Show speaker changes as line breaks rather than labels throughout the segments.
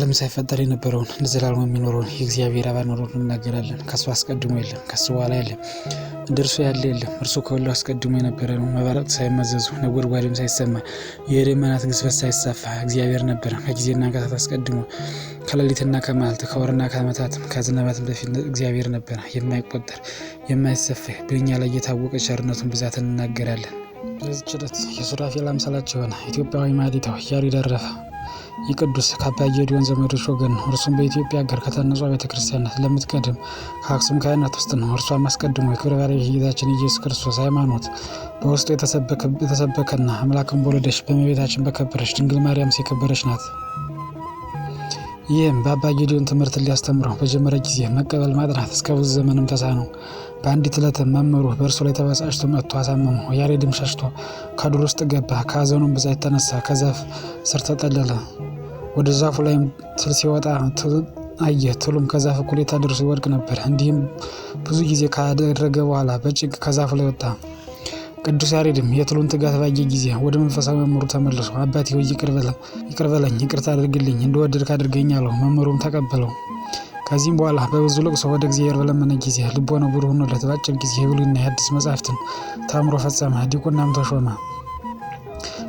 ዓለም ሳይፈጠር የነበረውን ለዘላለም የሚኖረውን የእግዚአብሔር አባል መኖሩን እናገራለን። ከእሱ አስቀድሞ የለም፣ ከሱ በኋላ የለም፣ እንደ እርሱ ያለ የለም። እርሱ ከሁሉ አስቀድሞ የነበረ ነው። መብረቅ ሳይመዘዙ ነጎድጓድም ሳይሰማ የደመናት ግዝበት ሳይሳፋ እግዚአብሔር ነበረ። ከጊዜና ከሰዓት አስቀድሞ ከሌሊትና ከመዓልት ከወርና ከዓመታትም ከዝናባትም በፊት እግዚአብሔር ነበረ። የማይቆጠር የማይሰፍህ በእኛ ላይ የታወቀ ቸርነቱን ብዛት እንናገራለን። በዚች ዕለት የሱራፌል አምሳላቸው የሆነ ኢትዮጵያዊ ማኅሌታዊ ያሬድ አረፈ። የቅዱስ ካባ ጌዲዮን ዘመዶች ወገን ነው። እርሱም በኢትዮጵያ ሀገር ከተነጿ ቤተክርስቲያናት ለምትቀድም ከአክሱም ካህናት ውስጥ ነው። እርሷም አስቀድሞ የክብረ ባለቤት ጌታችን ኢየሱስ ክርስቶስ ሃይማኖት በውስጡ የተሰበከና አምላክን በወለደች በመቤታችን በከበረች ድንግል ማርያም የከበረች ናት። ይህም በአባ ጌዲዮን ትምህርትን ሊያስተምረው በጀመረ ጊዜ መቀበል ማጥናት እስከ ብዙ ዘመንም ተሳነው። በአንዲት ዕለትም መምህሩ በእርሱ ላይ ተበሳጭቶ መጥቶ አሳመመው። ያሬድም ሸሽቶ ከዱር ውስጥ ገባ። ከሀዘኑም ብዛት የተነሳ ከዛፍ ስር ተጠለለ። ወደ ዛፉ ላይም ትል ሲወጣ አየ። ትሉም ከዛፍ እኩሌታ ደርሶ ይወድቅ ነበር። እንዲህም ብዙ ጊዜ ካደረገ በኋላ በጭንቅ ከዛፉ ላይ ወጣ። ቅዱስ ያሬድም የትሉን ትጋት ባየ ጊዜ ወደ መንፈሳዊ መምህሩ ተመልሶ አባቴ ሆይ ይቅር በለኝ፣ ይቅርታ አድርግልኝ፣ እንደወደድክ አድርገኝ አለው። መምህሩም ተቀበለው። ከዚህም በኋላ በብዙ ልቅሶ ወደ እግዚአብሔር በለመነ ጊዜ ልቦናው ብሩህ ሆኖለት በአጭር ጊዜ የብሉይና የአዲስ መጻሕፍትን ታምሮ ፈጸመ። ዲቁናም ተሾመ።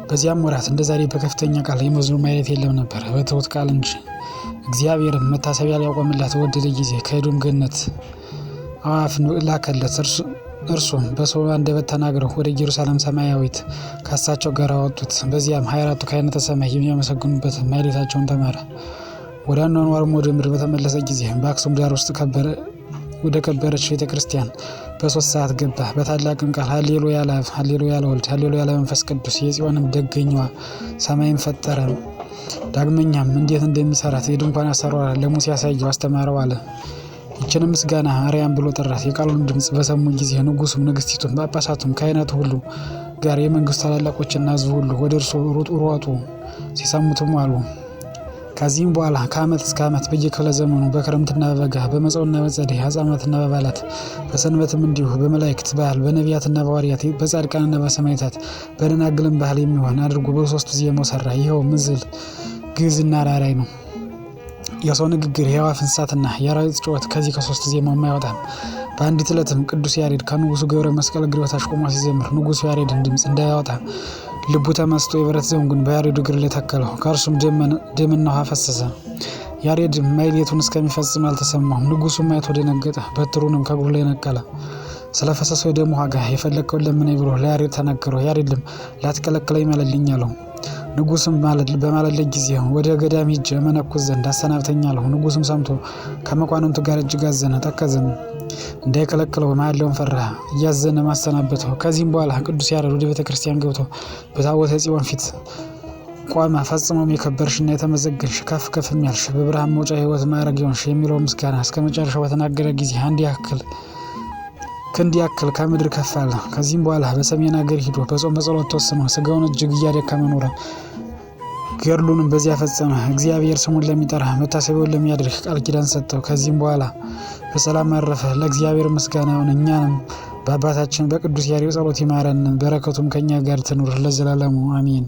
በዚያም ወራት እንደ ዛሬ በከፍተኛ ቃል የመዝኑ ማይነት የለም ነበር፣ በትሁት ቃል እንጂ። እግዚአብሔርም መታሰቢያ ሊያቆምላት ወደደ ጊዜ ከሄዱም ገነት አዋፍ ላከለት። እርሱም በሰው አንደበት ተናግረው ወደ ኢየሩሳሌም ሰማያዊት ካሳቸው ጋር አወጡት። በዚያም ሃያ አራቱ ካህናተ ሰማይ የሚያመሰግኑበት ማኅሌታቸውን ተማረ። ወደ አኗኗሩም ወደ ምድር በተመለሰ ጊዜ በአክሱም ዳር ውስጥ ወደ ከበረች ቤተ ክርስቲያን በሶስት ሰዓት ገባ። በታላቅም ቃል ሃሌሉያ ለአብ፣ ሃሌሉያ ለወልድ፣ ሃሌሉያ ለመንፈስ ቅዱስ የጽዮንም ደገኛዋ ሰማይን ፈጠረ። ዳግመኛም እንዴት እንደሚሰራት የድንኳን አሰራር ለሙሴ ያሳየው አስተማረው አለ። ይችን ምስጋና አርያም ብሎ ጠራት። የቃሉን ድምፅ በሰሙ ጊዜ ንጉሱም፣ ንግስቲቱም፣ ጳጳሳቱም ካህናቱ ሁሉ ጋር የመንግስቱ ታላላቆችና ህዝቡ ሁሉ ወደ እርሱ ሯጡ ሲሰሙትም አሉ። ከዚህም በኋላ ከአመት እስከ አመት በየክፍለ ዘመኑ በክረምትና በበጋ በመጸውና በጸደይ በአጽዋማትና በበዓላት በሰንበትም እንዲሁ በመላእክት ባህል በነቢያትና በሐዋርያት በጻድቃንና በሰማዕታት በደናግልም ባህል የሚሆን አድርጎ በሶስቱ ዜማው ሰራ። ይኸው ምዝል፣ ግዕዝና ራራይ ነው። የሰው ንግግር፣ የአዕዋፍ እንስሳትና የአራዊት ጩኸት ከዚህ ከሶስት ዜማም አይወጣም። በአንዲት ዕለትም ቅዱስ ያሬድ ከንጉሱ ገብረ መስቀል እግር በታች ቆሞ ሲዘምር ንጉሱ ያሬድን ድምፅ እንዳያወጣ ልቡ ተመስጦ የብረት ዘንጉን በያሬዱ እግር ላይ ተከለው፣ ከእርሱም ደምና ውሃ ፈሰሰ። ያሬድም እስከሚፈጽም አልተሰማውም። ንጉሱ አይቶ ደነገጠ፣ በትሩንም ከእግሩ ላይ ነቀለ። ስለፈሰሰው የደም ዋጋ የፈለግከውን ለምነኝ ብሎ ለያሬድ ተናገረው። ያሬድም ላትከለክለኝ ማልልኝ አለው። ንጉስም በማለለ ጊዜ ወደ ገዳም ሂጄ መነኩስ ዘንድ አሰናብተኝ አልሁ። ንጉስም ሰምቶ ከመኳንንቱ ጋር እጅግ አዘነ፣ ተከዘም፣ እንዳይከለክለው ማያለውን ፈራ፣ እያዘነ ማሰናበተው። ከዚህም በኋላ ቅዱስ ያሬድ ወደ ቤተ ክርስቲያን ገብቶ በታቦተ ጽዮን ፊት ቆመ። ፈጽሞም የከበርሽና የተመዘገንሽ ከፍ ከፍ የሚያልሽ በብርሃን መውጫ ህይወት ማዕረግ የሆንሽ የሚለው ምስጋና እስከ መጨረሻው በተናገረ ጊዜ አንድ ያክል ክንድ ያክል ከምድር ከፍ አለ። ከዚህም በኋላ በሰሜን ሀገር ሂዶ በጾም በጸሎት ተወስኖ ስጋውን እጅግ እያደከመ ኖረ። ገድሉንም በዚያ ፈጸመ። እግዚአብሔር ስሙን ለሚጠራ መታሰቢያውን ለሚያደርግ ቃል ኪዳን ሰጠው። ከዚህም በኋላ በሰላም አረፈ። ለእግዚአብሔር ምስጋና ይሁን፣ እኛንም በአባታችን በቅዱስ ያሬድ ጸሎት ይማረን፣ በረከቱም ከእኛ ጋር ትኑር ለዘላለሙ አሜን።